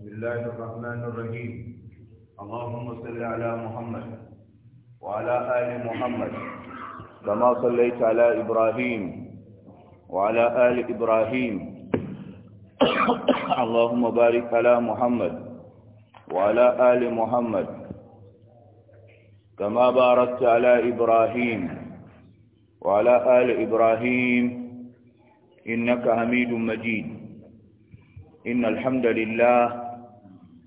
بسم الله الرحمن الرحيم اللهم صل على محمد وعلى آل محمد كما صليت على إبراهيم وعلى آل إبراهيم اللهم بارك على محمد وعلى آل محمد كما باركت على إبراهيم وعلى آل إبراهيم إنك حميد مجيد إن الحمد لله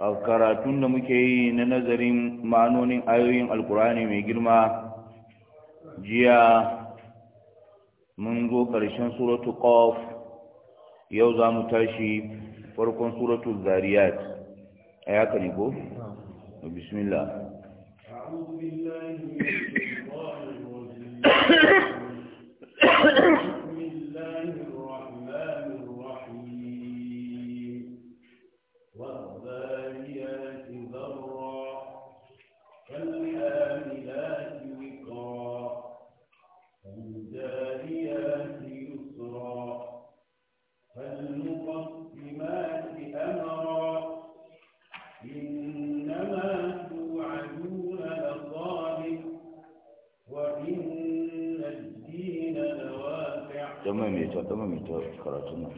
karatun da muke yi na nazarin ma'anonin ayoyin alkurani mai girma jiya mun zo ƙarshen suratu ƙof yau za mu tashi farkon suratu zariyat a yaka ne ko? bismillah أعوذ بالله من الشيطان الرجيم karatun nan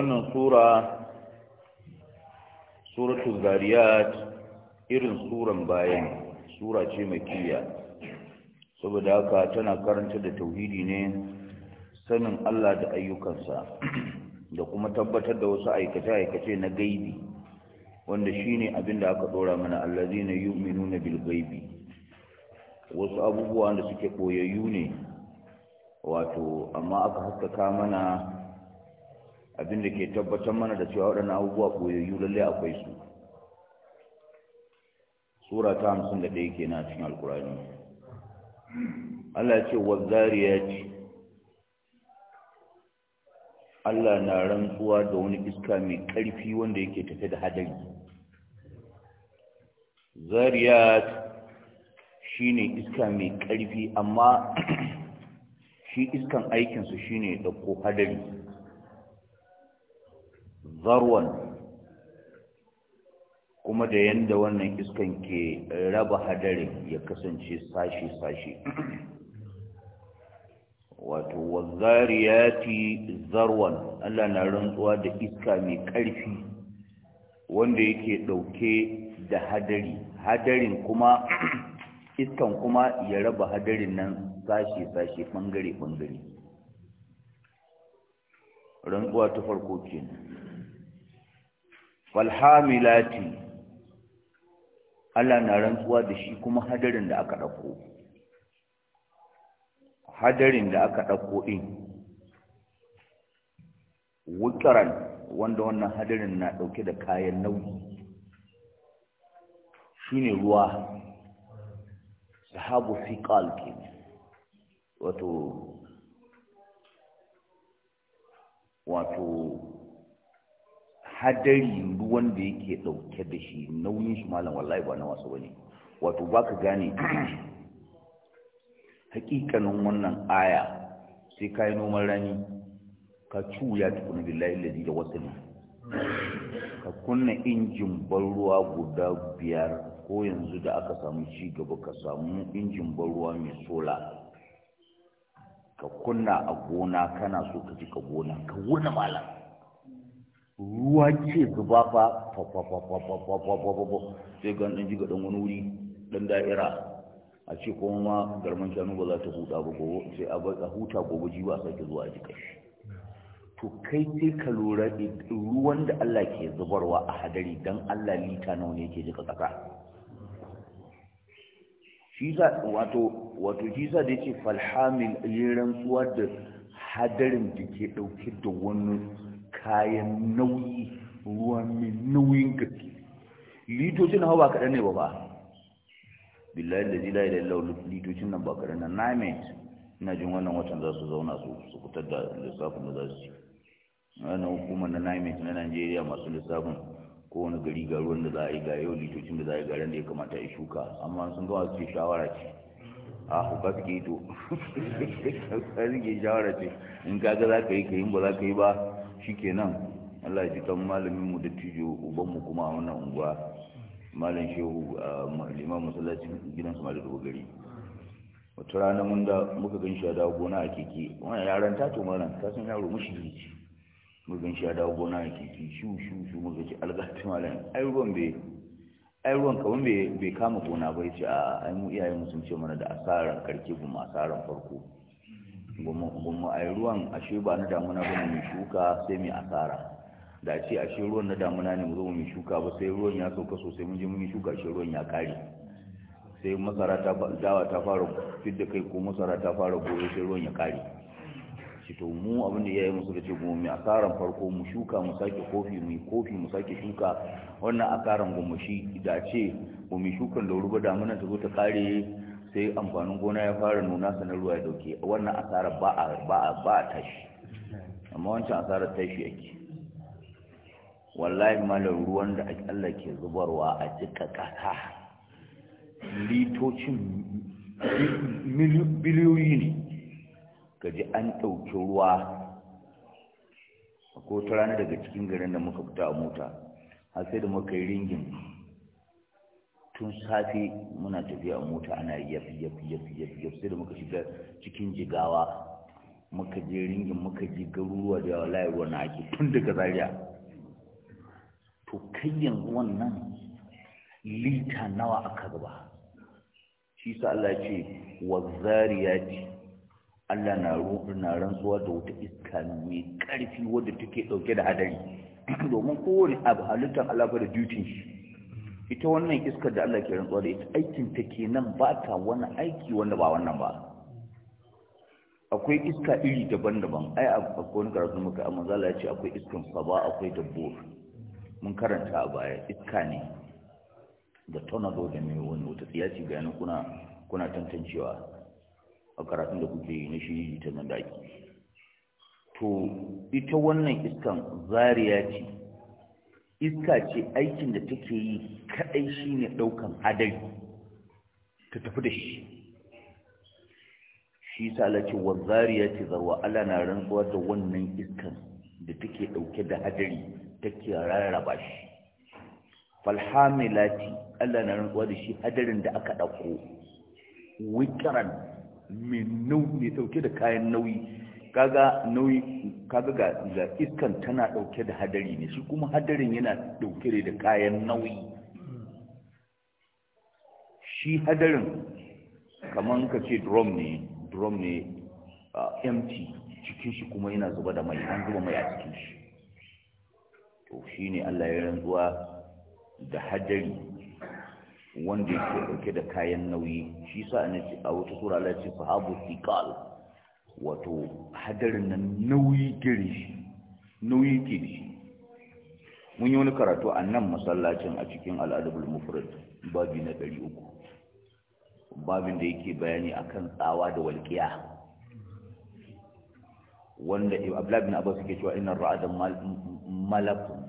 wannan sura suratul zariyat irin suran bayan sura ce makiyya saboda haka tana karanta da tauhidi ne sanin Allah da ayyukansa da kuma tabbatar da wasu aikace-aikace na gaibi wanda shine abin da aka dora mana allazina yu'minuna bil gaibi wasu abubuwa da suke koyayyu ne wato amma aka haskaka mana abin da ke tabbatar mana da cewa waɗannan abubuwa koyayyu lallai akwai su sura ta hamsin da ɗaya ke na cikin alkurani Allah ya ce zariya ce Allah na rantsuwa da wani iska mai ƙarfi wanda yake tafe da hadari Zariya shine iska mai ƙarfi amma shi iskan aikinsu shine ɗauko hadari zarwan kuma da yadda wannan iskan ke raba hadari ya kasance sashi-sashi wato ya fi zarwan Allah na rantsuwa da iska mai ƙarfi wanda yake ɗauke da hadari hadarin kuma iskan kuma ya raba hadarin nan sashi-sashi ɓangare-ɓangare rantsuwa ta farko kenan falhamilati Allah na rantsuwa da shi kuma hadarin da aka dauko. hadarin da aka dauko din. wutaran wanda wannan hadarin na dauke da kayan nauyi shine ruwa sahabu fiqal ke wato wato hadari ruwan da yake dauke da shi nauyin shi malam wallahi ba na wasu bane wato baka gane hakikanin wannan aya sai ka yi noman rani ka cuya tukuna billahi lalzi da wasu ne ka kunna injin ban ruwa guda biyar ko yanzu da aka samu ci gaba ka samu injin ban ruwa mai sola ka kunna a gona kana so ka ji ka gona ka wurna malam ruwa ce zuba fa sai ɗan ɗan wani wuri ɗan da'ira a ce kuma ma garman shanu ba za ta huta ba sai a huta zuwa to kai sai ka lura ruwan da Allah ke zubarwa a hadari Allah lita nawa ne ke wato da yace falhamil yin rantsuwa da hadarin da ke da wani kayan nauyi ruwa mai nauyin gaske litocin hawa ba kaɗan ne ba ba billahi da zila da lau litocin nan ba kaɗan nan name ina jin wannan watan za su zauna su fitar da lissafin da za su ci. na hukumar na naimet na najeriya masu lissafin kowane gari ga ruwan da za a yi ga yau litocin da za a yi garin da ya kamata ya shuka amma sun gawa ke shawara ce a hukar ke ito hukar ke shawara ce in kaga za ka yi ka yi ba za ka yi ba shikenan Allah ya ji kan malamin mu da tijo uban mu kuma a wannan unguwa malam shehu liman musallaci gidan su malam dogari wata rana mun da muka gan shi a dawo gona a keke wannan yaran ta to malam ta san yaro mushi ce muka gan shi a dawo gona a keke shi shi shi muka ce algatu malam ai ruwan bai ai ruwan kaman bai kama gona ba ya ce a ai mu iyayen mu sun ce mana da asaran karke bu asaran farko mu a ruwan ashe ba na damuna ba mai shuka sai mai asara da ce ashe ruwan na damuna ne mu zo mai shuka ba sai ruwan ya sauka sosai mun je mun shuka ashe ruwan ya kare sai masara ta dawa ta fara fidda kai ko masara ta fara goyo sai ruwan ya kare shi to mu abin da yayi musu da ce mu mai asaran farko mu shuka mu sake kofi mu kofi mu sake shuka wannan asaran gomashi da ce mu shukan da ruba damuna ta zo ta kare sai amfanin gona ya fara nuna sanar ruwa ya dauke wannan asarar ba a ba a ba a tashi amma wancan asarar tashi yake wallahi malar ruwan da Allah ke zubarwa a cika kasa litocin biliyoyi ne gaji an ɗauki ruwa ko wata rana daga cikin garin da muka fita a mota har sai da muka yi ringin tun safe muna tafiya a mota ana yafi yafi yafi yafi yafi sai da muka shiga cikin jigawa muka je ringin muka je garuruwa da yawa layi ruwa na ake tun daga Zariya. to kai yanzu wannan lita nawa aka gaba shi sa Allah ce wa zariyati Allah na na rantsuwa da wata iska mai ƙarfi wadda take ɗauke da hadari domin kowane abu halittar alaƙa da dutin shi ita wannan iskar da Allah ke rantsuwa da ita aikin ta kenan ba ta wani aiki wanda ba wannan ba akwai iska iri daban-daban ai a wani karatu muka amma zala ya ce akwai iskan saba akwai dabbur mun karanta a baya iska ne da tornado da mai wani wata tsiyaci bayanin kuna kuna tantancewa a karatun da kuke yi na shiri ta nan da to ita wannan iskan zariya ce iska ce aikin da take yi kadai shine daukan hadari ta tafi da shi shi sa Allah ce wa zariyati zarwa Allah na rantsuwa da wannan iskan da take dauke da hadari take rarraba shi falhamilati Allah na rantsuwa da shi hadarin da aka dauko wikran min nau ne dauke da kayan nauyi kaga nauyi kaga ga iskan tana dauke da hadari ne shi kuma hadarin yana dauke da kayan nauyi shi hadarin kaman ka ce drum ne drum ne empty cikin shi kuma yana zuba da mai an zuba mai a cikin shi to shine Allah ya rantsuwa da hadari wanda yake dauke da kayan nauyi shi sa ne a wata sura Allah ya ce thiqal wato hadarin nan nauyi girishi nauyi girishi mun yi wani karatu a nan masallacin a cikin al'adabul mufrad babi na 300 babin da yake bayani akan tsawa da walqiya wanda abdullahi bin abbas yake cewa inna ra'ada malakun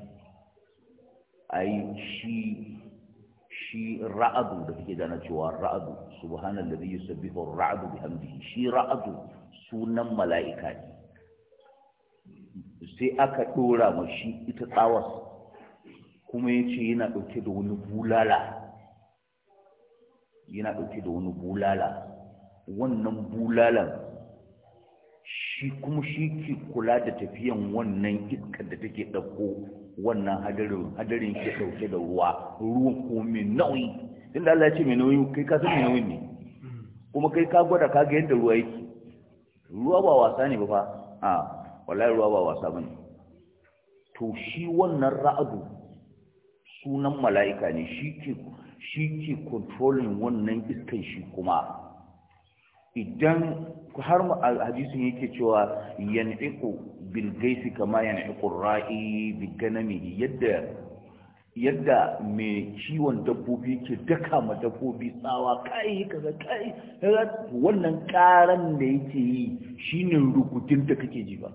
ai shi shi ra'adu da kake gana cewa ra'adu subhanallazi yusabbihu ar ra'adu bihamdihi shi ra'adu sunan mala'ika ne sai aka ɗora mashi ita tsawar kuma ya ce yana ɗauke da wani bulala yana ɗauke da wani bulala wannan bulalan shi kuma shi ke kula da tafiyan wannan iskar da take ɗauko wannan hadarin hadarin ke ɗauke da ruwa ruwan ko mai nauyi inda da Allah ya ce mai nauyi kai ka san mai nauyi ne mm. kuma kai ka gwada ka ga yadda ruwa yake ruwa ba wasa ne ba fa a wallahi ruwa ba wasa ba ne to shi wannan ra'adu sunan mala'ika ne shi ke shi ke controlling wannan iskan shi kuma idan har hadisin yake cewa yan'iku bil gaisi kama yan'iku ra'i bi ganami yadda yadda mai kiwon dabbobi ke daka ma dabbobi tsawa kai kaza kai wannan karan da yake yi shine rukutun da kake ji ba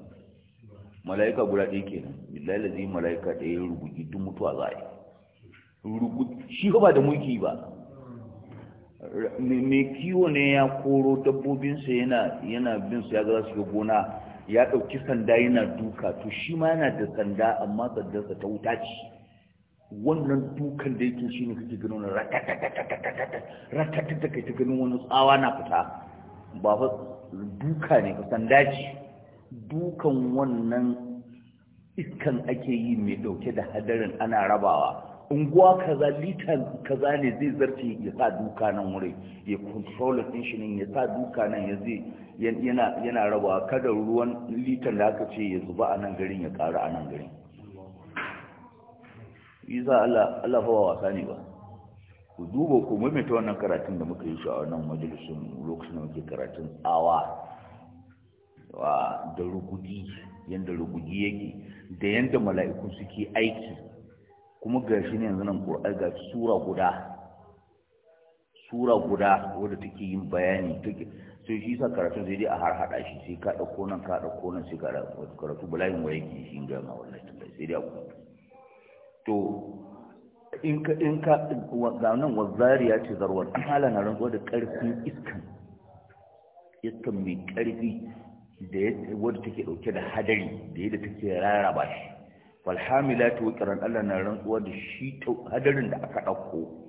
malaika guda ɗaya kenan billahi lazi malaika ɗaya rubuki duk mutuwa za a yi shi ba da mulki ba mai kiwo ne ya koro dabbobinsa yana yana bin su ya ga su gona ya ɗauki sanda yana duka to shi ma yana da sanda amma sandarsa ta wuta ce wannan dukan da yake shi ne kake ganin wani ratatata tsawa na fita dukan wannan iskan ake yi mai da hadarin ana rabawa unguwa kaza kaza ne zai ya sa duka nan wurin ya yana rabawa kada ruwan da ce ya zuba a garin ya karu a nan garin shi za Allah Allah fa wasa ne ba ku duba ku maimaita wannan karatun da muka yi shi a wannan majalisun lokacin da muke karatun tsawa da ruguji yadda ruguji yake da yadda mala'iku suke aiki kuma ga shi ne yanzu nan ga sura guda sura guda wadda take yin bayani take sai shi sa karatun sai dai a har hada shi sai ka ɗauko nan ka ɗauko nan sai ka karatu bala'in wa yake shi ga ma wallahi sai dai a kuma to in ka in ka ga nan wazariya ce zarwar kala na rantsuwa da ƙarfin iskan iskan mai karfi da ya wadda take dauke da hadari da yadda take raraba shi walhamilatu wiqran Allah na rantsuwa da shi hadarin da aka dauko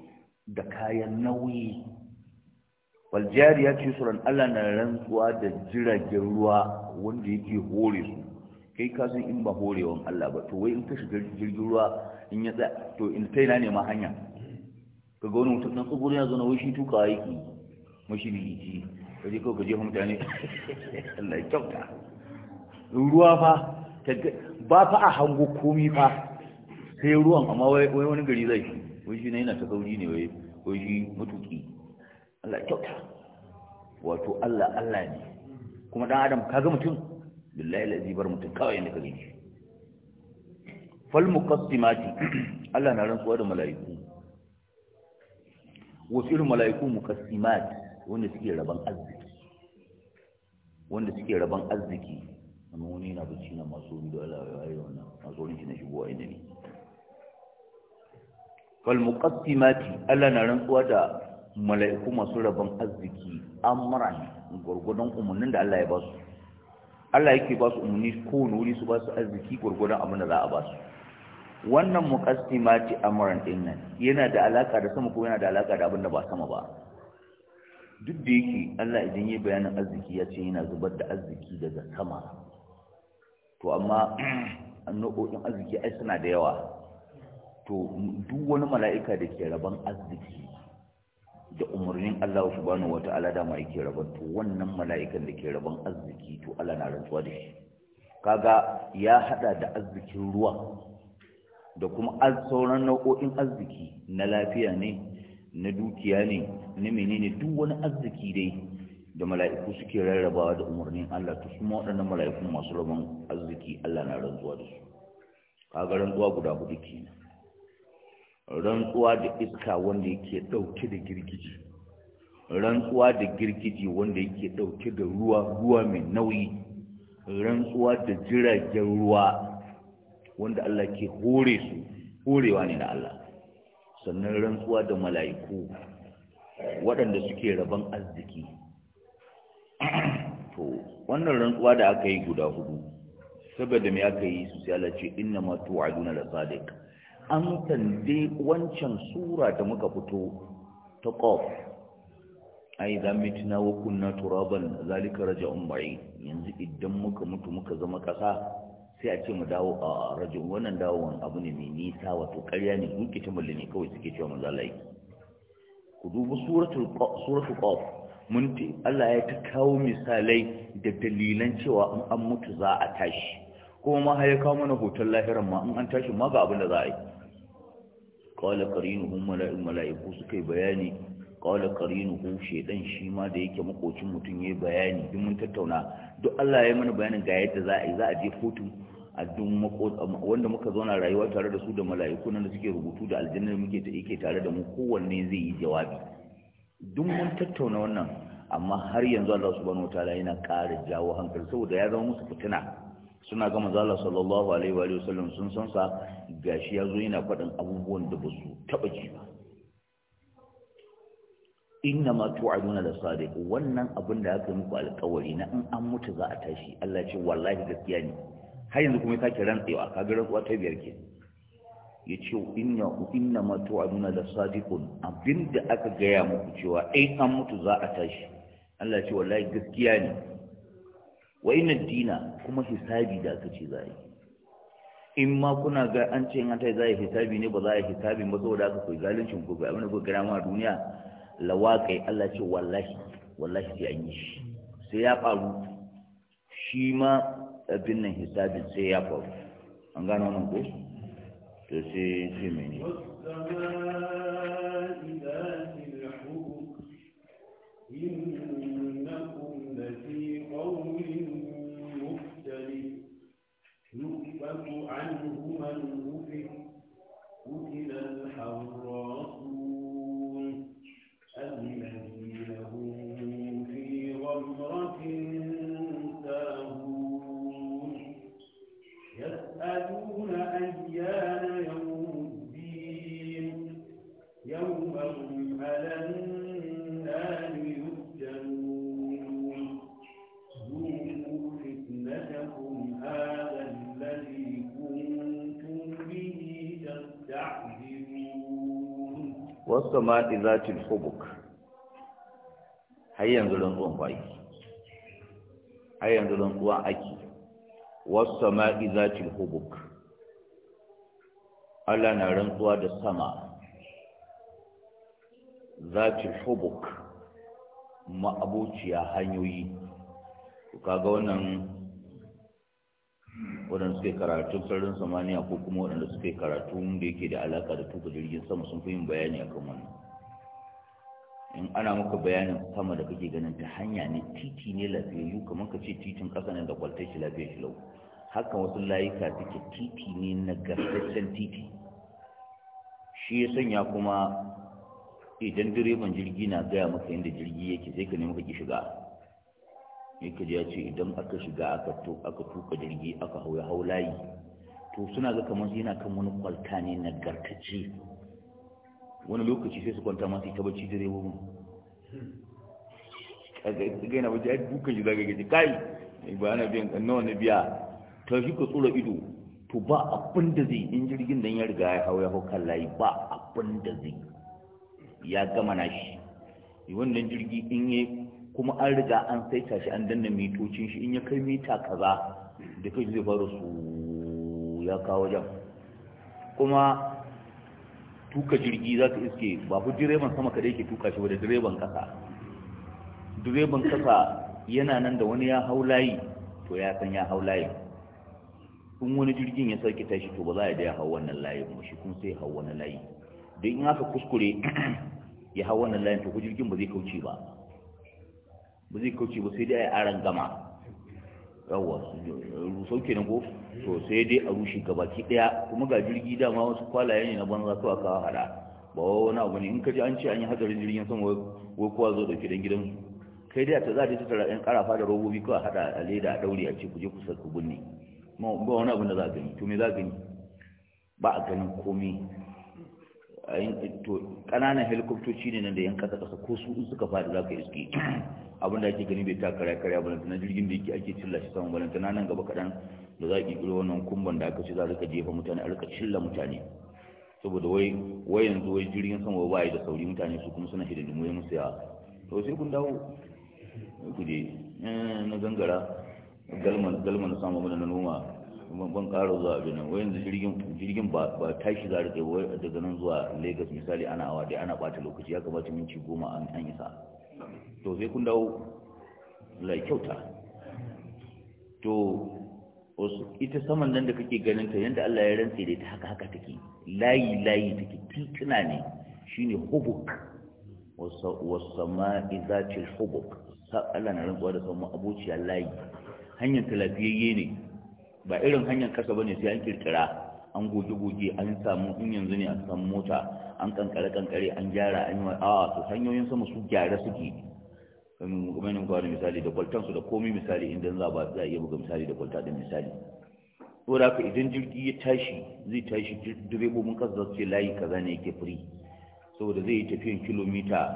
da kayan nauyi waljariya ce suran Allah na rantsuwa da jiragen ruwa wanda yake hore su kai ka san in ba horewan Allah ba to wai in ka shiga jirgin ruwa in ya tsaya to in sai na nema hanya ka ga wani mutum na tsugur yana zaune wai shi tukawa yake mashi yake ka je kawai ka jefa mutane Allah ya kyauta ruwa fa ba fa a hango komi fa sai ruwan amma wai wani gari zai shi wai shi na yana ta kauri ne wai wai shi matuki Allah kyauta wato Allah Allah ne kuma dan adam kaga mutum billahi lazi bar mutum kawai ne ka gani falmukassimati Allah na rantsuwa da mala'iku wasu irin mala'iku mukassimati wanda suke raban arziki wanda suke raban arziki amma wani yana bacci na masu wuri da Allah ya yi wannan masu wani na shigo a inda ne falmukassimati Allah na rantsuwa da mala'iku masu raban arziki amran gwargwadon umarnin da Allah ya ba su Allah yake ba su umarni ko wuri su ba su arziki gwargwadon abin da za a ba su wannan muqaddimati amran din yana da alaka da sama ko yana da alaka da abin ba sama ba duk da yake Allah idan yayi bayanin arziki ya ce yana zubar da arziki daga sama to amma anno'o'in arziki ai suna da yawa to duk wani mala'ika da ke raban arziki da umarnin Allah subhanahu wata'ala da mai ke raban to wannan mala'ikan da ke raban arziki to Allah na rantsuwa da shi kaga ya hada da arzikin ruwa da kuma sauran nau'o'in arziki na lafiya ne na dukiya ne na menene duk wani arziki dai da mala'iku suke rarrabawa da umarnin Allah to su waɗannan mala'iku masu rabon arziki Allah na rantsuwa da su kaga rantsuwa guda hudu kenan rantsuwa da iska wanda yake ɗauke da girgiji rantsuwa da girgiji wanda yake ɗauke da ruwa ruwa mai nauyi rantsuwa da jiragen ruwa wanda Allah ke hore su horewa ne na Allah sannan rantsuwa da mala'iku waɗanda suke rabon arziki to wannan rantsuwa da aka yi guda hudu saboda me aka yi su sai Allah ce inna ma tu'aduna la sadiq an tande wancan sura da muka fito ta qaf ai da mitina wa kunna turaban zalika raja'un ba'i yanzu idan muka mutu muka zama kasa sai a ce mu dawo a rajin wannan dawowan abu ne mai nisa wato ƙarya ne dukkita mulli ne kawai suke cewa manzo Allah yake ku dubi suratul suratul qaf mun ti Allah ya ta kawo misalai da dalilan cewa in an mutu za a tashi kuma ma ya kawo mana hoton lahiran ma in an tashi ma ga abin da za a yi qala qarinuhum mala'ikatu suka yi bayani qala qarinuhu shaidan shi ma da yake makocin mutum yayi bayani duk mun tattauna duk Allah ya yi mana bayanin ga yadda za a za je kotu a duk wanda muka zauna rayuwa tare da su da mala'iku nan da suke rubutu da aljanna muke ta yake tare da mu kowanne zai yi jawabi duk mun tattauna wannan amma har yanzu Allah subhanahu wataala yana ƙara jawo hankali saboda ya zama musu fitina suna ga manzo sallallahu alaihi wa sallam sun san sa gashi yazo yana faɗin abubuwan da ba su taɓa ji ba inna ma tu'aduna la sadiq wannan abin da aka muku alƙawari na in an mutu za a tashi Allah ce wallahi gaskiya ne har yanzu kuma sake rantsewa ga rantsuwa ta biyar ke yace inna inna ma tu'aduna la abin abinda aka gaya muku cewa ai an mutu za a tashi Allah ce wallahi gaskiya ne wa inna dina kuma hisabi da aka ce za a yi in ma kuna ga an ce in an tashi za a yi hisabi ne ba za a yi hisabi ba saboda aka koyi zalincin ku ga abin da ku gara ma duniya lawaka lawaƙai Allah ce wallahi wallahi ya yi shi sai ya faru shi ma abin nan hisabin sai ya faru an gano nan ko to sai sai mai ne wasu za zatin hubuk har yanzu rantsuwan kwaki har yanzu rantsuwan aiki. wasu za zatin hubuk Allah na rantsuwa da sama zatin hubuk ma'abuciya hanyoyi kaga wannan waɗanda suke karatun sararin samaniya ko kuma waɗanda suke karatu da yake da alaƙa da tuka jirgin sama sun fi yin bayani akan wannan in ana maka bayanin sama da kake ganin ta hanya ne titi ne lafiyayyu kamar ka ce titin ƙasa ne da kwaltai shi lafiya shi lau haka wasu layuka suke titi ne na gasasshen titi shi ya sanya kuma idan direban jirgi na gaya maka yadda jirgi yake sai ka nemi ka ki shiga ne kaji ya ce idan aka shiga aka tuka jirgi aka hau ya hau layi to suna ga kamar yana kan wani kwalta ne na garkace wani lokaci sai su kwanta masu ta bacci mu kaga yana bacci ai dukan shi zaga gaji kai ba na biyan kan nawa na biya ta shi ka tsura ido to ba abin da zai in jirgin dan ya riga ya hau ya hau kan layi ba abin da zai ya gama nashi wannan jirgi in yi kuma an riga an saita shi an danna mitocin shi in ya kai mita kaza da kai zai bar su ya kawo wajen kuma tuka jirgi za ka iske ba ku direban sama kada yake tuka shi ba da direban kasa direban kasa yana nan da wani ya hau layi to ya san ya hau layi in wani jirgin ya sauke tashi to ba za a da ya hau wannan layi ba shi kun sai hau wannan layi don in aka kuskure ya hau wannan layin to ku jirgin ba zai kauce ba ba zai kauce ba sai dai a yi aran gama yawa rusau kenan ko to sai dai a rushe ki daya kuma ga jirgi dama wasu kwalaye ne na banza to aka hada ba wani abu ne in ka ji an ce an yi hadarin jirgin sama wai kowa zo da gidan gidan kai dai ta za ta tara yan karafa da robobi ko a hada a leda a daure a ce ku je ku sarku binne ba wani abu da za a gani to me za a gani ba a ganin komai ƙananan helikoptoci ne nan da yanka ƙasa-ƙasa ko su in suka faɗi za ka iske abin da ake gani bai ta kare karya ba na jirgin da yake ake cilla shi saman balanta na nan gaba kaɗan da za ki ƙiro wannan kumban da aka ce za a rika jefa mutane a rika cilla mutane saboda wai wai yanzu wai jirgin sama ba ya da sauri mutane su kuma suna hidin ya musu yawa to sai kun dawo ku je eh, na gangara galman galman samu mana na noma ban ƙara zuwa abin nan wayan jirgin jirgin ba shi za da daga nan zuwa Lagos misali ana awa da ana bata lokaci ya kamata minti goma an isa to sai kun dawo lai kyauta to ita saman nan da kake ganin ta Allah ya rantse da ita haka haka take layi layi take tituna ne shine hubuk za ce hubuk Allah na rantsuwa da sama abuciya layi hanyar talafiyayye ne ba irin hanyar kasa bane sai an kirkira an goge-goge an samu in yanzu ne an samu mota an kankare-kankare an gyara an yi a su hanyoyin sama su gyara suke kamar kwanin misali da kwaltansu da komi misali idan za ba za a iya buga misali da kwalta da misali da haka idan jirgi ya tashi zai tashi direbobin kasa za su ce layi kaza ne yake firi saboda zai yi tafiyan kilomita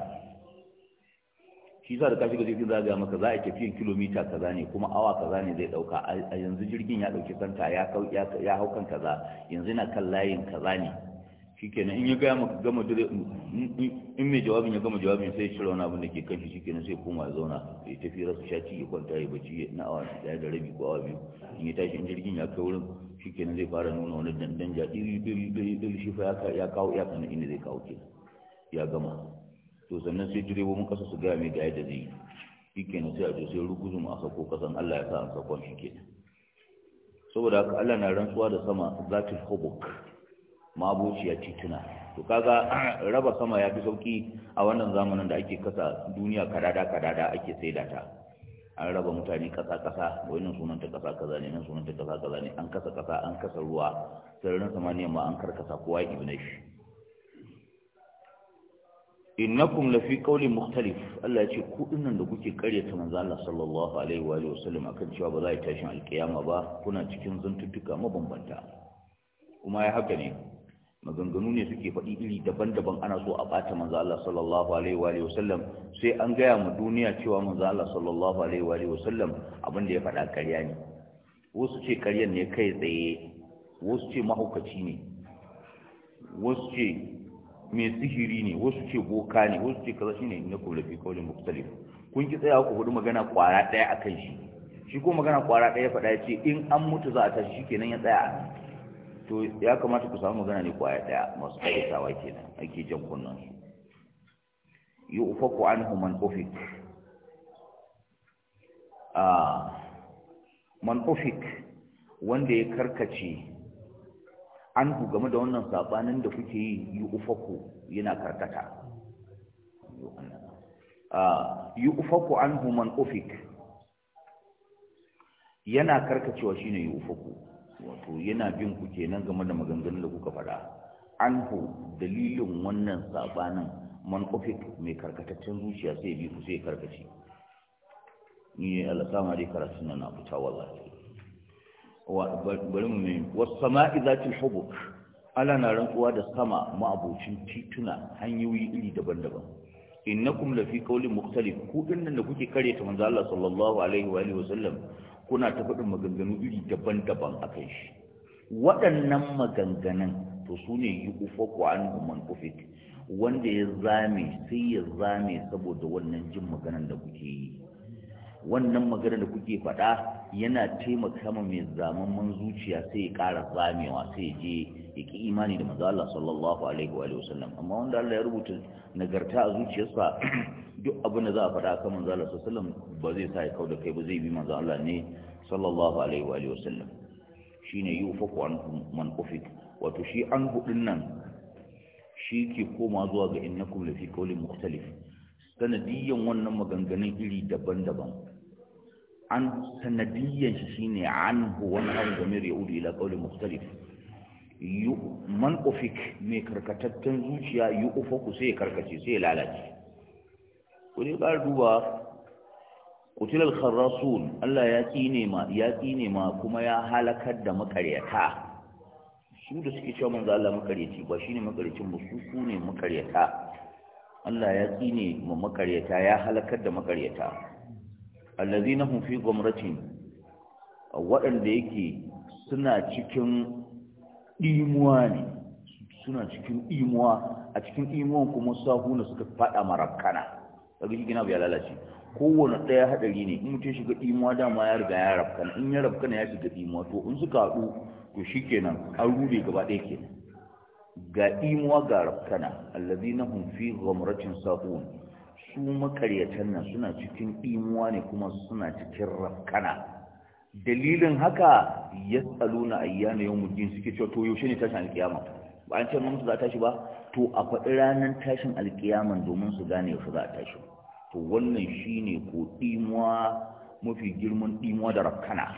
shi sa da kashi ga jirgin zaga maka za a tafiyan kilomita kaza ne kuma awa kaza ne zai dauka a yanzu jirgin ya dauki santa ya kau ya hau kan kaza yanzu na kan layin kaza ne shikenan in ya ga maka gama dire in mai jawabin ya gama jawabin sai shi cire abin da ke kan shi shikenan sai koma ya zauna ya tafi rasu sha ya kwanta ya bacci na awa daya da rabi ko awa biyu in ya tashi in jirgin ya kai wurin shikenan zai fara nuna wani dandan ja diri diri shi fa ya kawo ya kana inda zai kawo kenan ya gama to sannan sai mun kasa su gaya mai gaya yadda zai yi shi sai a je sai mu a kasan Allah ya sa an sakon shi ke saboda haka Allah na rantsuwa da sama zatul hubuk ya tituna to kaga raba sama ya fi sauki a wannan zamanin da ake kasa duniya kadada kadada ake saida ta an raba mutane kasa kasa wannan sunan ta kasa kaza ne nan sunan ta kasa kaza ne an kasa kasa an kasa ruwa sararin samaniya ma an karkasa kowa ibn innakum lafi qawli mukhtalif Allah ya ce ku dinnan da kuke karyata manzo Allah sallallahu alaihi wa alihi wasallam akan cewa ba za a tashi alkiyama ba kuna cikin zantuttuka mabambanta kuma ya haka ne maganganu ne suke faɗi iri daban-daban ana so a bata manzo Allah sallallahu alaihi wa alihi wasallam sai an gaya mu duniya cewa manzo Allah sallallahu alaihi wa alihi wasallam abin da ya faɗa ƙarya ne wasu ce ƙaryan ne kai tsaye wasu ce mahaukaci ne wasu ce mai sihiri ne wasu ce boka ne wasu ce kaza shine na kullu fi qawlin mukhtalif kun ki tsaya ku hudu magana kwara daya akan shi shi ko magana kwara daya faɗa ya ce in an mutu za a tashi kenan ya tsaya to ya kamata ku samu magana ne kwara daya masu kaitawa kenan ake jan kunnan su yufaku anhu man ufik ah man ufik wanda ya karkace an ku game da wannan sabanin da kuke yi yi ufaku yana karkata ah, yi ufaku an man ufik yana karkacewa shine yi ufaku wato yana bin ku kenan game da maganganun da kuka faɗa an ku dalilin wannan sabanin man ufik mai karkataccen zuciya sai bi ku sai karkace ni Allah sama dai karatu na fita wallahi bari mu ne wasama'i zatil hubuk Allah na rantsuwa da sama ma'abocin tituna hanyoyi iri daban-daban innakum fi qawlin mukhtalif ku dinnan da kuke kare ta manzo Allah sallallahu alaihi wa alihi wasallam kuna ta faɗin maganganu iri daban-daban akan shi waɗannan maganganun to su ne ku an man kufit wanda ya zame sai ya zame saboda wannan jin maganar da kuke yi wannan maganar da kuke faɗa yana taimaka kama mai zamamman zuciya sai ya ƙara zamewa sai je ya ƙi imani da maza Allah sallallahu alaihi wa sallam amma wanda Allah ya rubuta nagarta a zuciyarsa duk abin da za a faɗa kan maza Allah sallallahu alaihi wa sallam ba zai sa ya da kai ba zai bi maza Allah ne sallallahu alaihi wa sallam shine yufaku an man ufik wato shi an hudun nan shi ke koma zuwa ga innakum lafi qawlin mukhtalif sanadiyyan wannan maganganun iri daban-daban an sanadiyyan shi shine anhu wani abu zamir ya udu ila qawli mukhtalif man ufik mai karkatattun zuciya yi ufaku sai ya karkace sai ya lalace ku ne ƙara duba kutilal kharrasun Allah ya tsine ma ya tsine ma kuma ya halakar da makaryata su da suke cewa manzo Allah makaryaci ba shine makaryacin ba su su ne makaryata Allah ya ne ma makaryata ya halakar da makaryata alladhina na fi gumratin waɗanda yake suna cikin imuwa ne suna cikin imuwa a cikin imuwan kuma sahuna suka fada marakana daga shi gina bai lalace kowane ɗaya haɗari ne in mutu shiga imuwa dama ya riga ya rafkana in ya rafkana ya shiga imuwa to in suka haɗu to shi kenan an rube gaba ɗaya kenan ga imuwa ga rafkana allazina hum fi ghamratin sahun su makaryatan nan suna cikin imuwa ne kuma suna cikin rafkana dalilin haka ya tsaluna ayyana yau mujin suke cewa to yaushe ne tashin alkiyama ba an ce musu za a tashi ba to a faɗi ranar tashin alkiyaman domin su gane yaushe za a tashi to wannan shine ko imuwa mafi girman imuwa da rafkana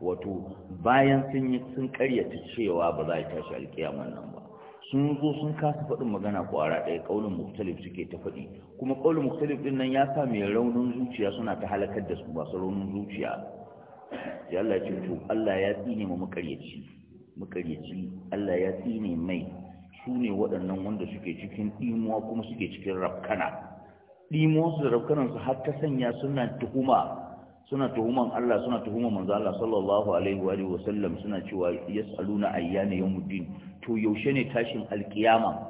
wato bayan sun yi sun karyata cewa ba za a tashi alkiyaman nan ba sun zo sun kasa faɗin magana ƙwara ɗaya ƙaunin muktalif suke ta faɗi kuma ƙaunin muktalif ɗin nan ya sa mai raunin zuciya suna ta halakar da su masu raunin zuciya sai Allah ce to Allah ya tsine ma makaryaci makaryaci Allah ya tsine mai su ne waɗannan wanda suke cikin ɗimuwa kuma suke cikin rafkana su da rafkanansu har ta sanya suna tuhuma suna tuhuman Allah suna tuhuman manzo Allah sallallahu alaihi wa sallam suna cewa yas'aluna ayyana yawmuddin to yaushe ne tashin alkiyama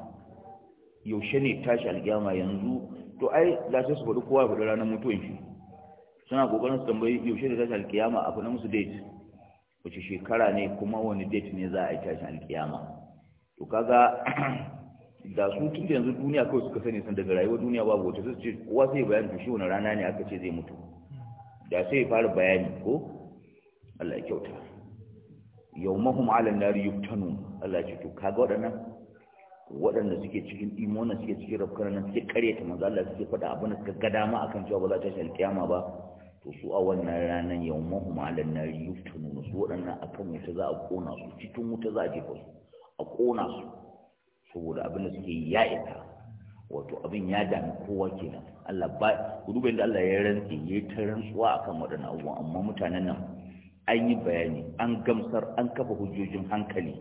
yaushe ne tashin alkiyama yanzu to ai za su su faɗi kowa ya faɗi ranar mutuwan shi suna ƙoƙarin su tambayi yaushe ne tashin alkiyama a faɗin musu date wace shekara ne kuma wani date ne za a yi tashin alkiyama to kaga da su tun yanzu duniya kawai suka sani sun daga rayuwar duniya babu wata su ce kowa sai bayani to shi wani rana ne aka ce zai mutu da sai fara bayani ko Allah ya kyauta yawmahum ala nari yuktanu Allah ya ce to kaga waɗannan waɗanda suke cikin imona suke cikin rafkar nan suke karyata manzo Allah suke faɗa abin da suka ga dama akan cewa ba za ta shi kiyama ba to su a wannan ranar yawmahum ala nari yuktanu su waɗannan akan wuta za a kona su cikin wuta za a jefa su a kona su saboda abin da suke ya isa wato abin ya dami kowa kenan Allah ba ku duba inda Allah ya rantsi yi ta rantsuwa akan waɗannan abubuwan amma mutanen nan an yi bayani an gamsar an kafa hujjojin hankali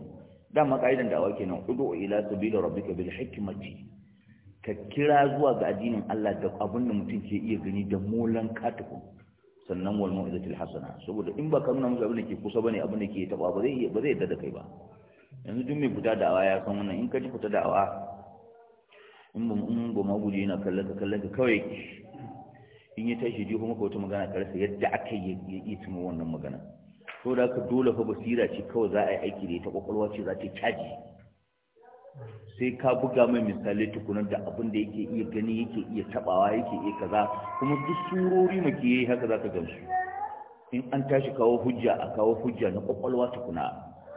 dama ka'idan da wake nan udu ila sabila rabbika bil hikmati ka kira zuwa ga addinin Allah da abin da mutum ke iya gani da molan katuku sannan wal mu'izatil hasana saboda in ba ka nuna musu abin da ke kusa bane abin da ke taba ba zai ba zai yadda da kai ba yanzu duk mai fita da'awa ya san wannan in ka ji fita da'awa in ba in ba yana kallon ka kawai in ya tashi ji kuma wata magana ka yadda aka yi ya iya wannan magana to da aka dole fa basira ce kawai za a yi aiki da ita kwakwalwa ce za ta caji sai ka buga mai misali tukunan da abin da yake iya gani yake iya tabawa yake iya kaza kuma duk surori maki yayi haka za zaka gamsu in an tashi kawo hujja a kawo hujja na kwakwalwa tukuna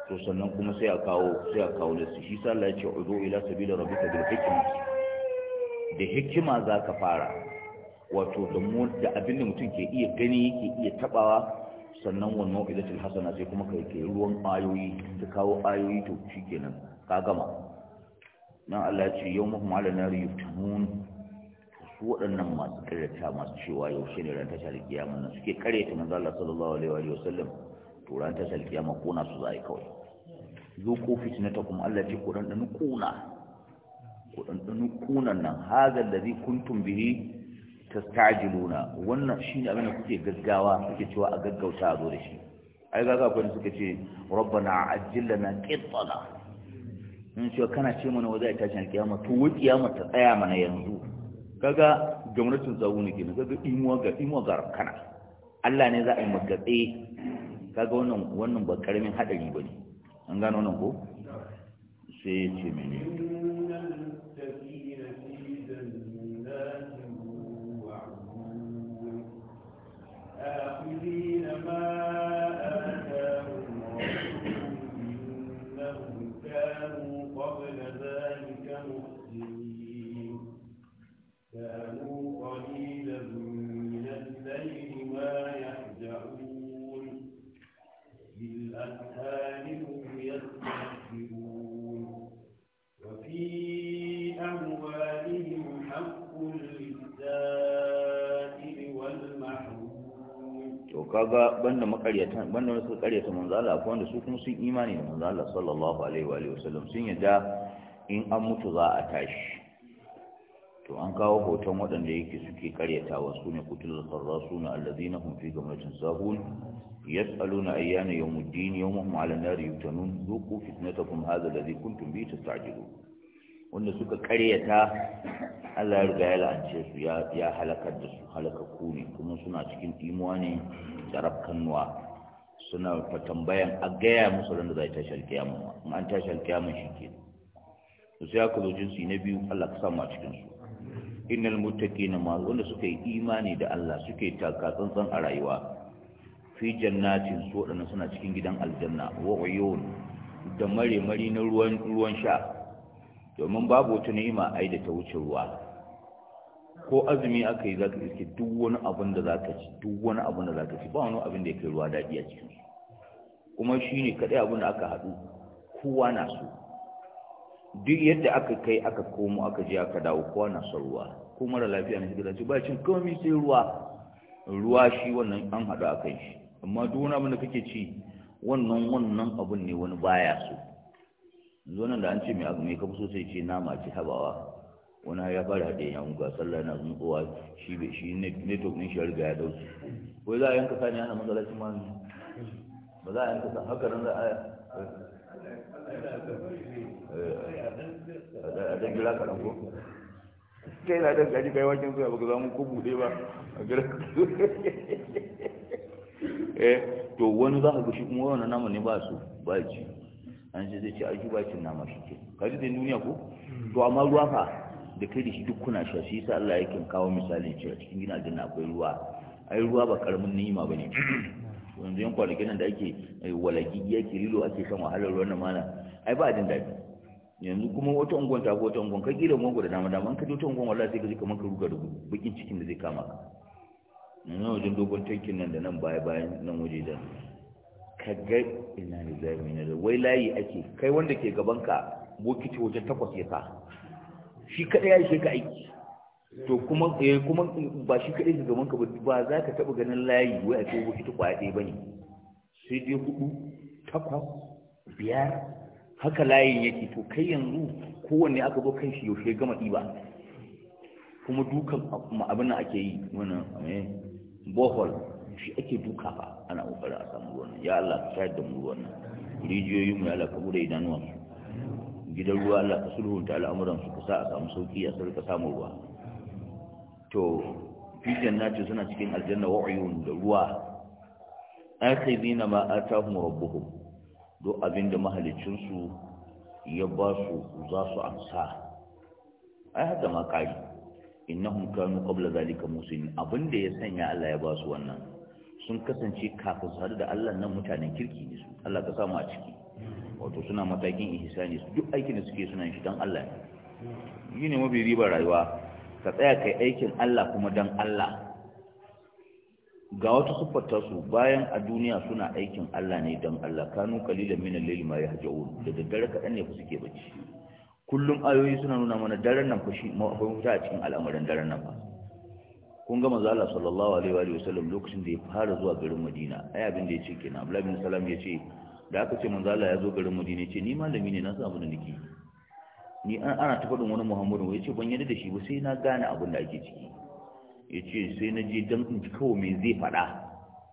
to sannan kuma sai a kawo sai a kawo lissu shi sa Allah ya ce udu ila sabila rabbika bil hikma da hikima ka fara wato da abin da mutum ke iya gani ke iya tabawa sannan wannan idatul hasana sai kuma kai ke ruwan ayoyi da kawo ayoyi to shikenan ka gama nan Allah ya ce yawmuhum ala nari yuftanun su waɗannan masu karyata masu cewa yaushe ne ran tashar kiyama nan suke karyata manzo Allah sallallahu alaihi wa sallam to ran tashar kiyama kona su zai kawai zo ko fitnatakum Allah ya ce ku dan dan kuna ku dan dan kunan nan hadha allazi kuntum bihi tastajiluna wannan shine abin da kuke gaggawa kuke cewa a gaggauta a zo da shi ai ga ga kun suka ce rabbana ajil lana qittana in ce kana ce mana wa zai tashi alkiyama to wa kiyama ta tsaya mana yanzu kaga gwamnatin tsawo ne kenan kaga imuwa ga imuwa ga kana Allah ne za a yi magatse kaga wannan wannan ba karamin hadari bane an gano nan ko sai ya ce ne. banda makaryatan banda wasu karyata manzo Allah akwai wanda su kuma sun imani da manzo Allah sallallahu alaihi wa alihi wasallam sun yadda in an mutu za a tashi to an kawo hoton waɗanda yake suke karyatawa su ne kutul sarrasuna alladhina hum fi gamratin sahun yas'aluna ayyana yawmuddin yawmuhum 'ala nari yuftanun dhuqu fitnatakum hadha alladhi kuntum bihi tasta'jilun wanda suka karyata Allah ya riga ya la'ance su ya halakar da su halaka ku ne kuma suna cikin imuwa ne jarab kannuwa suna fa tambayan a gaya musu da za ta shal kiyama in an ta shal shi ke to sai aka zo jinsi na biyu Allah ka samu a cikin su innal muttaqina ma wanda suka yi imani da Allah suke taka tsantsan a rayuwa fi jannatin su wadana suna cikin gidan aljanna wa uyun da mare mari na ruwan ruwan sha domin babu wata ni'ima ai da ta wuce ruwa ko azumi aka yi za ka iske duk wani abin da za ka ci duk wani abin da za ka ci ba wani abin da ya kai ruwa daɗi a cikin kuma shi ne kaɗai abin da aka haɗu kowa na so duk yadda aka kai aka komo aka je aka dawo kowa na son ruwa ko mara lafiya na hidira ce ba cin komai sai ruwa ruwa shi wannan an haɗu a kan shi amma duk wani abin da kake ci wannan wannan abin ne wani baya so zo nan da an ce mai kafa sosai so sai ce nama ci habawa wani ya fara da yan ga sallah na tsuntsuwa shi be shi to ne shi riga ya dauki ko za a yanka sani ana masallacin ma ba za a yanka sa haka nan za a eh, eh, a dan gira ka ko kai na dan gari kai zuwa ba baka zamu ku bude ba a gira eh to wani za ka ga shi kuma wannan namu ne ba su ba ci an ce zai ci aiki ba cin nama shi ke ji da duniya ko hmm. to amma ruwa fa da kai da shi duk kuna sha shi yasa Allah yake kawo misali cewa cikin gina gina akwai ruwa ai ruwa ba karamin ni'ima bane yanzu yan kwanakin nan da ake eh, walaki yake lilo ake shan wahalar ruwan nan mana ai ba jin daɗi yanzu kuma wata unguwan ta wata unguwan ka gida unguwan da dama dama ka je wata unguwan wallahi sai ka ji kamar ka ruga rugu bakin cikin da zai kama ka nan wajen dogon tankin nan da nan baya bayan nan waje da ka ga ina ne zai mai wai layi ake kai wanda ke gaban ka bokiti wajen takwas ya sa shi kada ya shiga aiki to kuma eh kuma ba shi kaɗai shugaban ka ba za ka taɓa ganin layi wai a ce ba ita kwaya ɗaya bane sai dai hudu takwas biyar haka layin yake to kai yanzu kowanne aka zo kan shi yaushe gama ɗiba kuma dukan abin nan ake yi wannan eh, bohol shi ake duka ba ana ƙoƙarin a samu ruwan ya Allah ka shayar da mu ruwan nan rijiyoyinmu ya Allah ka bude mu gidan ruwa Allah ka sulhunta al'amuran su kusa a samu sauki a sarka samun ruwa to na ce suna cikin aljanna wa uyun da ruwa akhidina ma atahum rabbuhum do abinda mahalicin su ya ba su za su amsa ai haka ma kai innahum kanu qabla zalika musin abinda ya sanya Allah ya ba su wannan sun kasance kafin su hadu da Allah nan mutanen kirki ne su Allah ka samu a ciki wato suna matakin su duk aikin da suke suna shi don Allah ne yi ne mafi riba rayuwa ka tsaya kai aikin Allah kuma dan Allah ga wata siffarta su bayan a duniya suna aikin Allah ne don Allah kanu Kalila, min al-layli ma yahjaun da daddare kaɗan ne ku suke bacci kullum ayoyi suna nuna mana daren nan fashi akwai wuta a cikin al'amarin daren nan ba kun ga manzo Allah sallallahu alaihi wa sallam lokacin da ya fara zuwa garin Madina ayabin da ya ce kenan Abdullah bin Salam ya da aka ce manzo Allah ya zo garin Madina ce ni malami ne na san abin da nake ni an ana ta faɗin wani Muhammadu ya ce ban yarda da shi ba sai na gane abin da ake ciki ya ce sai na je dan in ji kawai me zai faɗa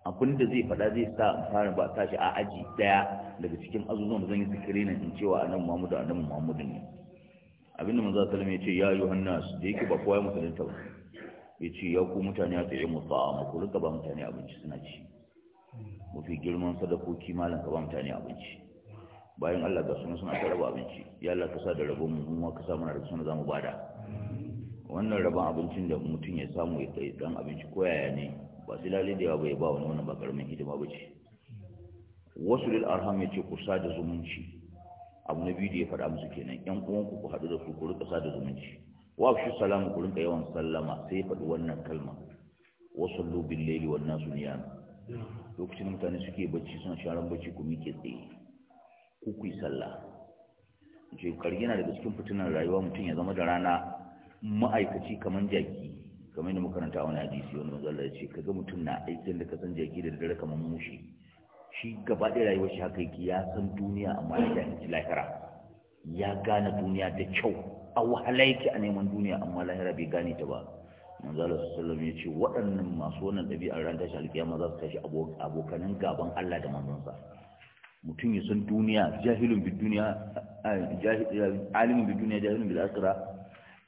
abin da zai faɗa zai sa in fara ba tashi a aji daya daga cikin azuzuwan da zan yi zikiri nan in cewa annabi Muhammadu annabi Muhammadu ne abinda manzo sallallahu alaihi ya ce ya Yohannas da yake ba kowa ya musulunta ba ya ce ya ku mutane a tsaye musa a makulun ba mutane abinci suna ci mafi girman sadakoki malam ka ba mutane abinci bayan Allah ga suna suna ta raba abinci ya Allah ka sa da rabon mu kuma ka sa mana da suna zamu bada wannan rabon abincin da mutum ya samu ya kai dan abinci ko yaya ne ba sai lalle da yawa bai ba wani wannan ba karamin hidima ba ce wasu lil arham ya ce ku sa da zumunci abu na biyu da ya faɗa musu kenan yan uwanku ku haɗu da su ku rika sa da zumunci wa shi salamu ku yawan sallama sai faɗi wannan kalma wasallu bil laili wan nasu lokacin mutane suke bacci suna sharan bacci ku miƙe tsaye ku ku yi sallah je yana daga cikin fitinan rayuwa mutum ya zama da rana ma'aikaci kamar jaki kamar yadda makaranta wani hadisi wani mazalla ya ce kaga mutum na aikin da ka san jaki da dare kamar mushi shi gaba ɗaya rayuwar shi haka yake ya san duniya amma ya jahilci lahira ya gane duniya da kyau a wahala yake a neman duniya amma lahira bai gane ta ba manzala sallam ya ce waɗannan masu wannan ɗabi'ar ran tashi alkiyama za su tashi abokanin gaban Allah da manzonsa mutum ya san duniya jahilun bi duniya alimin bi duniya jahilun bil akhirah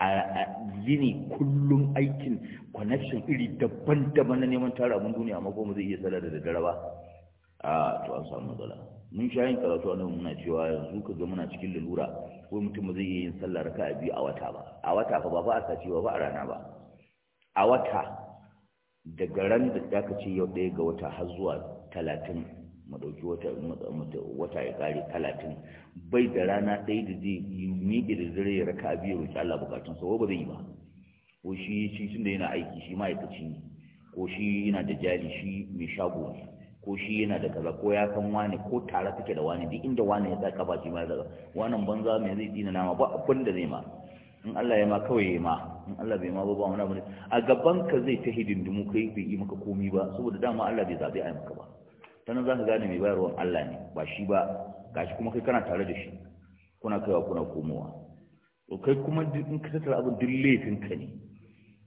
a yini kullum aikin connection iri daban-daban na neman tara abin duniya amma kuma zai iya sallar da daddare ba a to an samu matsala mun sha yin karatu nan muna cewa yanzu ka ga muna cikin lalura ko mutum zai iya yin sallar raka'a biyu a wata ba a wata fa ba ba a sace ba ba a rana ba a wata daga ran da za ka ce yau ɗaya ga wata har zuwa talatin madauki wata ya ƙare talatin bai da rana ɗaya da zai yi miƙe da zare ya raka biyu roƙi Allah buƙatunsa, wa ba zai yi ba ko shi shi tun da yana aiki shi ma'aikaci ne ko shi yana da jali shi mai shago ne ko shi yana da kaza ko ya san wani ko tare take da wani duk inda wani ya saka ba shi ma daga wannan banza mai zai dina nama ba abin da zai ma in Allah ya ma kawai ya ma in Allah bai ma ba wani abu a gaban ka zai ta hidindimu kai bai yi maka komi ba saboda dama Allah bai zabe a maka ba sannan za ka gane mai bayarwan Allah ne ba shi ba gashi kuma kai kana tare da shi kuna kaiwa kuna komowa to kai kuma in ka tattara abin duk laifin ka ne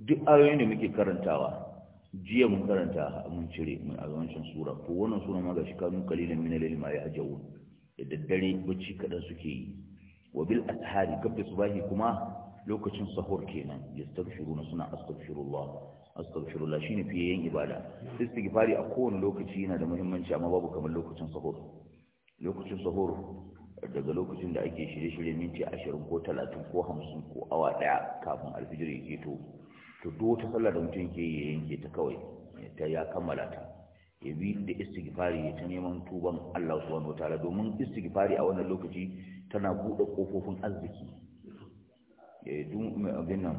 duk ayoyin da muke karantawa jiya mun karanta mun cire mun a wancan sura ko wannan sura ma gashi kanu qalilan min al-ilmi ya ajawun da daddare bacci kadan suke yi wa bil ashari su subahi kuma lokacin sahur kenan yastaghfiruna suna astaghfirullah astaghfirullah shine fiye yin ibada istighfari a kowane lokaci yana da muhimmanci amma babu kamar lokacin sahur lokacin sahur daga lokacin da ake shirye-shirye minti ashirin ko talatin ko hamsin ko awa daya kafin alfijir ya to to duk wata sallah da mutum ke yi yanke ta kawai ta ya kammala ta ya bi da istighfari ta neman tuban Allah subhanahu wataala domin istighfari a wannan lokaci tana buɗe kofofin arziki ya dun abin nan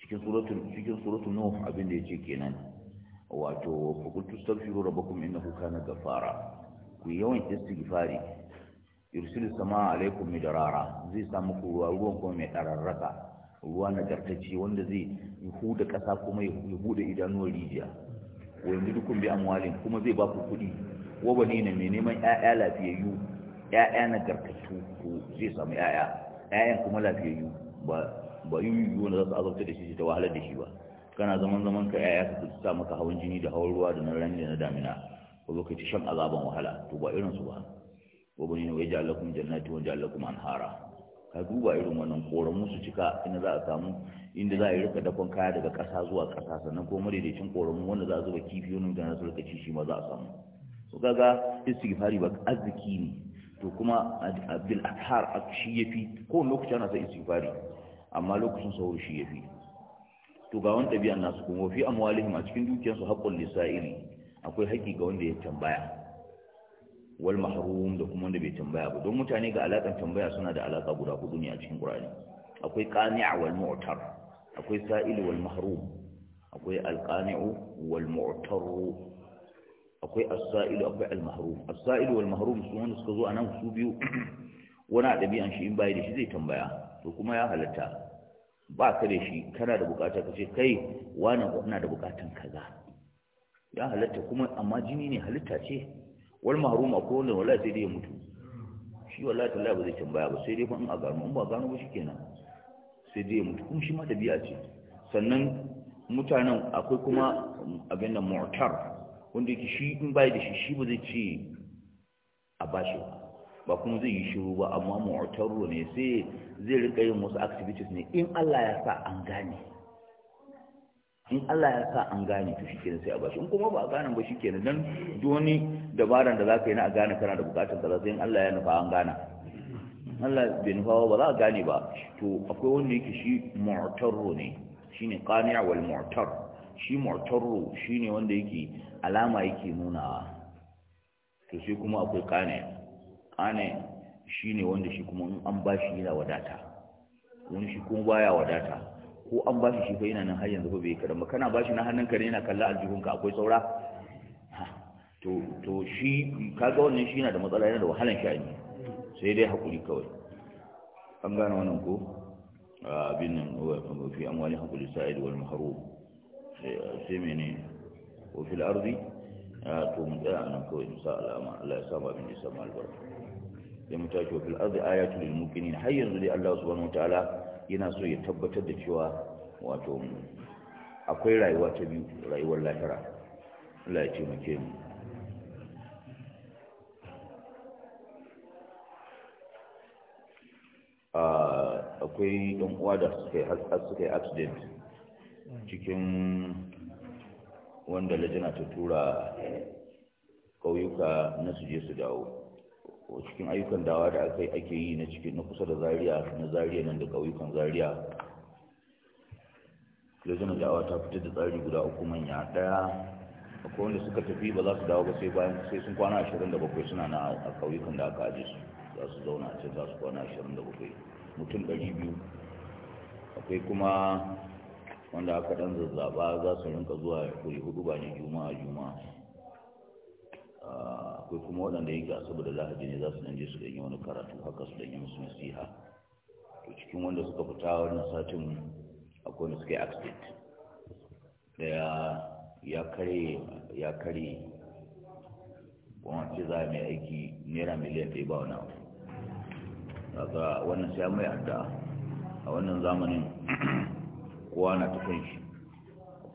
cikin suratul cikin abin da kenan wato wa qultu astaghfiru inda kuka na gafara. ku yawan istighfari yursilu samaa alaikum midrara zai sa muku ruwa ruwan kuma mai tararraka ruwa nagartacce wanda zai huda kasa kuma ya bude idanuwar rijiya wa dukkan bi amwalin kuma zai ba ku kuɗi wa banina mai neman ƴaƴa lafiyayyu ƴaƴa nagartattu zai samu ƴaƴa ƴaƴan kuma lafiyayyu ba ba wanda za su azabta da shi ta wahalar da shi ba kana zaman zaman ka 'ya'ya, su sa maka hawan jini da hawan ruwa da na rani da na damina ko zo shan azaban wahala to ba irin su ba ko bani ne waje alakum jannati wa jallakum anhara ka duba irin wannan koran musu cika inda za a samu inda za a yi rika dakon kaya daga ƙasa zuwa ƙasa sannan ko madaidaicin koran wanda za a zuba kifi wani da na su rika ci shi ma za a samu to kaga istighfari ba arziki ne to kuma abdul athar shi yafi ko lokaci ana sai istighfari amma lokacin sahur shi yafi to ga wani biyan nasu kuma fi amwalihim a cikin dukiyarsu haqqul lisa'ili akwai haƙi ga wanda ya tambaya wal mahrum da kuma wanda bai tambaya ba don mutane ga alakan tambaya suna da alaka guda hudu ne a cikin Qur'ani akwai qani' wal mu'tar akwai sa'il wal mahrum akwai al qani'u wal mu'tar akwai as akwai al asa'ilu as wal mahrum su wanda suka zo anan su biyu wani an shi in bai da shi zai tambaya to kuma ya halatta ba ka da shi kana da bukata ka ce kai wani ina da bukatan kaza ya halatta kuma amma jini ne halitta ce wal mahrum akwai wanda wala sai dai ya mutu shi wallahi tallahi ba zai tambaya ba sai dai fa in a gano in ba gano ba shikenan sai dai ya mutu kuma shi ma biya ce sannan mutanen akwai kuma abin da mu'tar wanda yake shi in bai da shi shi ba zai ce a bashi ba kuma zai yi shiru ba amma mu'tarru ne sai zai rika yin wasu activities ne in Allah ya sa an gane in Allah ya sa an gane to shikenan sai a bashi in kuma ba a gane ba shikenan dan doni dabaran da zaka yi na a gane kana da bukatun kaza sai in Allah ya nufa an gana Allah bai nufa ba za a gane ba to akwai wanda yake shi mu'tarru ne shine qani' wal mu'tar shi mu'tarru shine wanda yake alama yake nunawa to shi kuma akwai kane kane shi ne wanda shi kuma an ba shi yana wadata wani shi kuma baya wadata ko an ba shi shi fa yana nan har yanzu ba bai karama kana ba shi na hannunka ne yana kalla aljihunka akwai saura to to shi kaga wannan shi yana da matsala yana da wahalan sha'ani sai dai hakuri kawai an gane wannan ko ah, abin nan fi amwali hakuri sa'id wal mahrum eh, sai menene ko fil ya to mu tsaya nan kawai mu sa alama Allah ya sa ba min isa ma albarka ya mu tashi wa ya ardi ayatul lil muqinin har yanzu dai Allah subhanahu wataala yana so ya tabbatar da cewa wato akwai rayuwa ta biyu rayuwar lahira Allah ya taimake mu akwai ɗan uwa da suka yi accident cikin wanda lajina ta tura ƙauyuka na su je su dawo cikin ayyukan dawa da aka ake yi na cikin na kusa da Zariya na Zariya nan da ƙauyukan Zariya. lajina dawa ta fitar da tsari guda uku manya ɗaya akwai wanda suka tafi ba za su dawo ba sai bayan sai sun kwana ashirin da bakwai suna na a ƙauyukan da aka aje su za su zauna a can za su kwana ashirin da bakwai mutum ɗari biyu akwai kuma wanda aka ɗan zazzaba za su rinka zuwa kuri hudu ba ne juma'a juma'a ah, akwai kuma waɗanda yake asabar da lahadi ne za su ɗan je su ɗanyi wani karatu haka su ɗanyi musu nasiha to cikin wanda suka fita wannan satin akwai wanda suka yi accident ɗaya ya kare ya kare wance za mai aiki naira miliyan ɗaya ba wani abu daga wannan sai mai adda a wannan zamanin kowa na tukun shi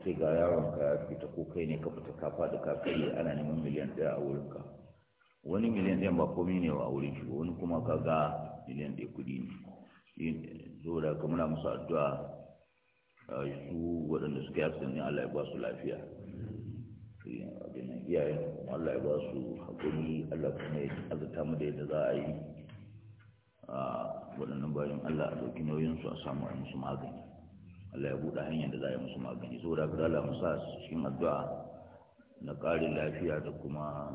sai ga yaron ka ya fita ko kai ne ka fita kafa da kakai ana neman miliyan ɗaya a wurin ka wani miliyan ɗaya ba komai ne a wurin shi wani kuma ka ga miliyan ɗaya kuɗi ne da ka muna musu addu'a su waɗanda suka yi ne Allah ya ba su lafiya iyayen Allah ya ba su haƙuri Allah kuma ya azata mu da yadda za a yi a waɗannan bayan Allah a ɗauki nauyinsu a samu a musu magani Allah ya buɗe hanyar da za a yi musu magani saboda ka dala musa cikin addu'a na ƙarin lafiya da kuma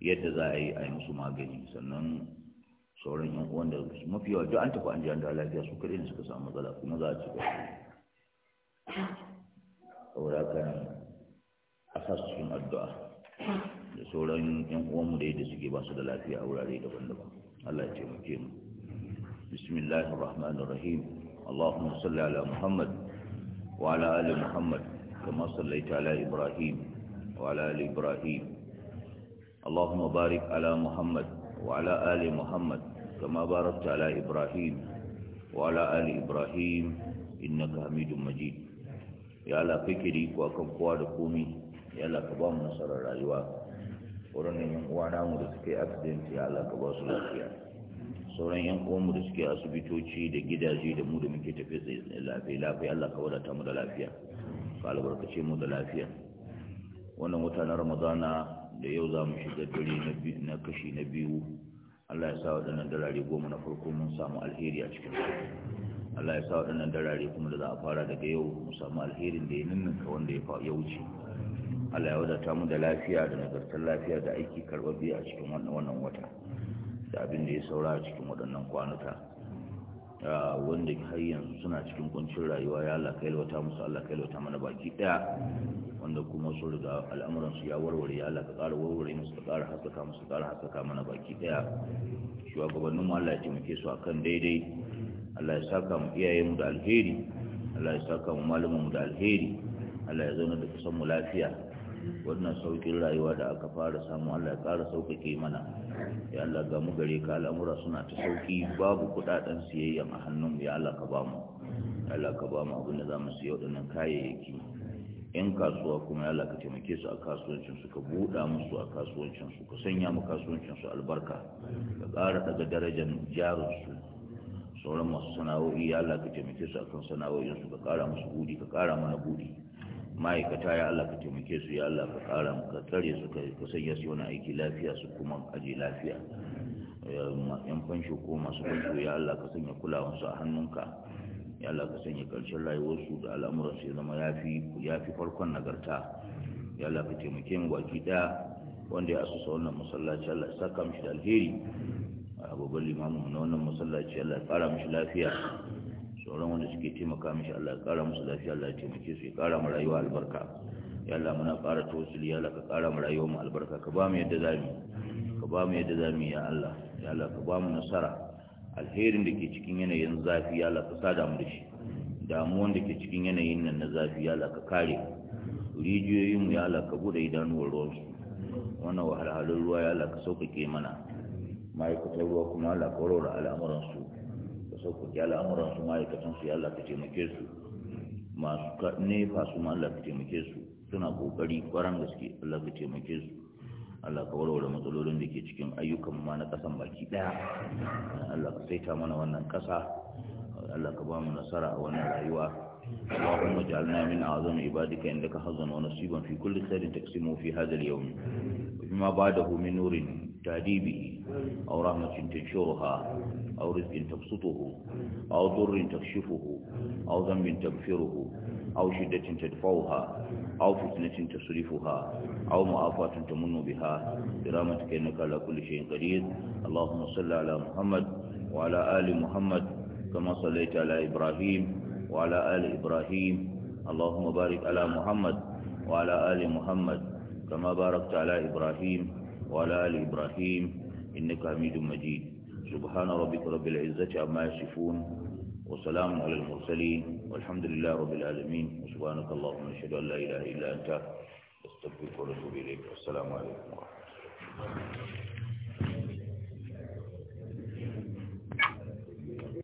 yadda za a yi a yi musu magani sannan sauran yan uwan da mafi yawa duk an tafi an jiya da lafiya su kaɗai ne suka samu matsala kuma za a ci gaba saboda ka a sa su cikin addu'a da sauran yan uwan mu da yadda suke ba su da lafiya a wurare daban-daban Allah ya taimake mu bismillahir rahmanir rahim اللهم صل على محمد وعلى آل محمد كما صليت على إبراهيم وعلى آل إبراهيم اللهم بارك على محمد وعلى آل محمد كما باركت على إبراهيم وعلى آل إبراهيم إنك حميد مجيد يا الله فكري وكم قواد قومي يا الله كبام نصر الرجوع ورنين وانا مرسكي أكسدين يا الله كبام صلى الله عليه وسلم sauran yan uwanmu da suke asibitoci da gidaje da mu da muke tafiye tsaye lafiya lafiya Allah ka wadata mu da lafiya ka albarkace mu da lafiya wannan wata na ramadana da yau za mu shiga dare na kashi na biyu Allah ya sa waɗannan darare goma na farko mun samu alheri a cikin Allah ya sa waɗannan darare kuma da za a fara daga yau mu samu alherin da ya ninninka wanda ya wuce Allah ya wadata mu da lafiya da nagartar lafiya da aiki karɓaɓɓe a cikin wannan wata da abin da ya saura a cikin waɗannan kwanuka ah, wanda har yanzu suna cikin kuncin rayuwa ya Allah lwata musu Allah lwata mana baki daya wanda kuma su riga al'amuransu ya warware ya Allah ka ƙara warware musu ka ƙara haskaka musu ka ƙara haskaka mana baki daya shugabannin mu Allah ya taimake su akan daidai Allah ya saka mu mu da alheri Allah ya saka mu mu da alheri Allah ya zauna da kusan mu lafiya wannan saukin rayuwa da aka fara samu Allah ya ƙara sauƙaƙe mana ya Allah ga mu gare ka al'amura suna ta sauki babu kudaden siyayyan a hannun ya Allah ka ba mu ya Allah ka ba mu abin da zamu siyo dinnan kayayyaki yan kasuwa kuma ya Allah ka taimake su a kasuwancin su ka buɗa musu a kasuwancin su ka sanya mu kasuwancin su albarka ka ƙara daga darajar jarin su sauran masu sana'o'i ya Allah ka taimake su akan sana'o'in su ka ƙara musu buɗi, ka ƙara mana buɗi. ma'aikata ya Allah ka taimake su ya Allah ka ƙara ka tsare su ka sanya su wani aiki lafiya su kuma aje lafiya yan fansho ko masu fansho ya Allah ka sanya kulawansu a hannunka ya Allah ka sanya ƙarshen rayuwarsu da al'amuransu ya zama ya fi farkon nagarta ya Allah ka taimake mu baki ɗaya wanda ya asusa wannan masallaci Allah ya saka mishi da alheri a babban limamin na wannan masallaci Allah ya ƙara mishi lafiya sauran wanda suke taimaka mishi Allah ya kara musu lafiya Allah ya taimake su ya kara mu rayuwa albarka ya Allah muna kara tawassuli ya Allah ka kara mu rayuwa mu albarka ka ba mu yadda zamu ka ba mu yadda zamu ya Allah ya Allah ka ba mu nasara alherin da ke cikin yanayin zafi ya Allah ka sada mu da shi damuwan da ke cikin yanayin nan na zafi ya Allah ka kare rijiyoyin mu ya Allah ka bude idanuwar ruwan su wannan wahalhalun ruwa ya Allah ka sauƙaƙe mana ma'aikatan ruwa kuma Allah ka warware al'amuran su sauƙaƙe al'amuran su ma'aikatan su ya Allah taimake su masu nefa su ma Allah taimake su suna ƙoƙari kwaran gaske Allah ka taimake su Allah ka warware matsalolin da ke cikin ayyukan ma na ƙasan baki ɗaya Allah ka saita mana wannan ƙasa Allah ka ba mu nasara a wannan rayuwa اللهم اجعلنا من أعظم عبادك عندك حظا ونصيبا في كل خير تقسمه في هذا اليوم وفيما بعده من نور تهدي به أو رحمة تنشرها أو رزق تبسطه أو ضر تكشفه أو ذنب تغفره أو شدة تدفعها أو فتنة تصرفها أو معافاة تمن بها برامتك إنك على كل شيء قدير اللهم صل على محمد وعلى آل محمد كما صليت على إبراهيم وعلى آل إبراهيم اللهم بارك على محمد وعلى آل محمد كما باركت على إبراهيم وعلى آل إبراهيم إنك حميد مجيد سبحان ربك رب العزة عما يصفون وسلام على المرسلين والحمد لله رب العالمين وسبحانك اللهم نشهد أن لا إله إلا أنت استغفرك ونتوب إليك والسلام عليكم ورحمة الله